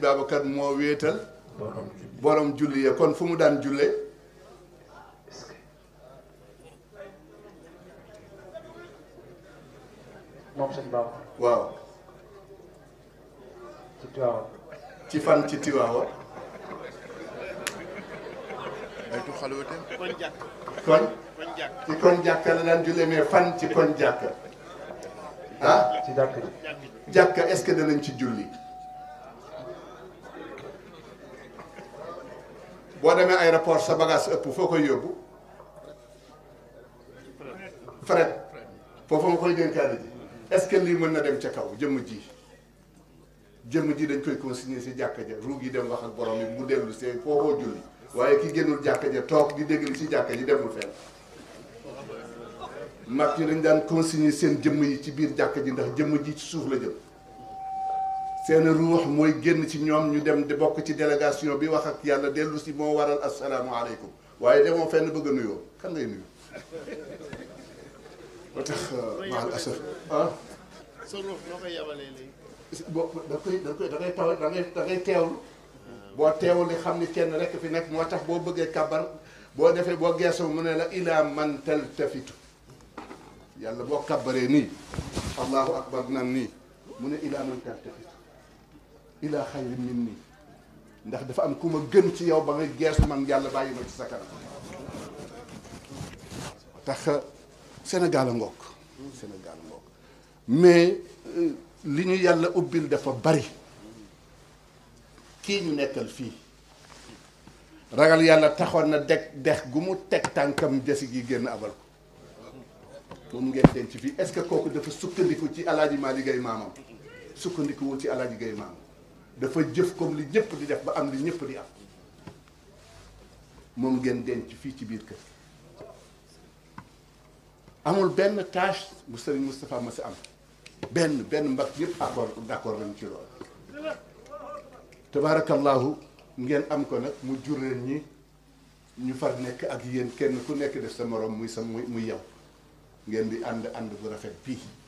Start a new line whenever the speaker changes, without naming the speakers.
sëñ Babacar moo fu mu daan julle moom sëñ Babacar waaw ci Tiwaawa ci fan ci Tiwaawa ci kon jàkka la daan julle mais fan ci kon jàkka jàkka ah? jàkka est-ce que ci julli boo demee aéroport sa bagage ëpp foo koy yóbbu fret foofu nga koy dénkaane ji est-ce que lii mën na dem ca kaw jëmm ji jëmm ji dañ koy consigner si jàkka ja ruug yi dem wax ak borom mu dellu see foofoo julli waaye ki génnul jàkka ja toog di dégg li si jàkka ji demul fenn mag ñi dañ daan consigner seen jëmm yi ci biir jàkka ji ndax jëmm ji ci suuf la jëm seen ruux mooy génn ci ñoom ñu dem di bokk ci délégation bi wax ak yàlla dellu si moo waral asalaamaaleykum waaye demoo fenn bëgg a nuyoo kan ngay nuyu ba tax maal asaf ah sa ruux noo koy yabalee léegi boo da koy da koy da ngay taw da ngay da ngay teewlu boo teewul li xam ni kenn rek fi nekk moo tax boo bëggee kabar boo defee boo geesoo mu ne la ilaa man taltafitu yàlla boo kabaree nii allahu akbar nan nii mu ne ilaa man taltafitu ilaa xayri min nii ndax dafa am ku ma gën ci yow ba nga geesu man yàlla bàyyi ma ci sa kanam tax Sénégal a ngoog Sénégal a ngoog mais li ñu yàlla ubbil dafa bari kii ñu nekkal fii ragal yàlla taxoon na deg dex gu mu teg tànkam jasi gi génn abal ko moom ngeen denc fii est-ce que kooku dafa sukkandiku ci alaaji Malick Gaye maamam sukkandikuwul ci alaaji Gaye maamam dafa jëf comme li ñëpp di def ba am li ñëpp di am moom ngeen denc fii ci biir kër amul benn tâche bu sëriñ Moustapha ma si am benn benn mbag yëpp accord d'accord lañu ci loolu tabaarakallahu ngeen am ko nag mu jur leen ñi ñu far nekk ak yéen kenn ku nekk def sa moroom muy sa muy muy yow ngeen di ànd ànd bu rafet bii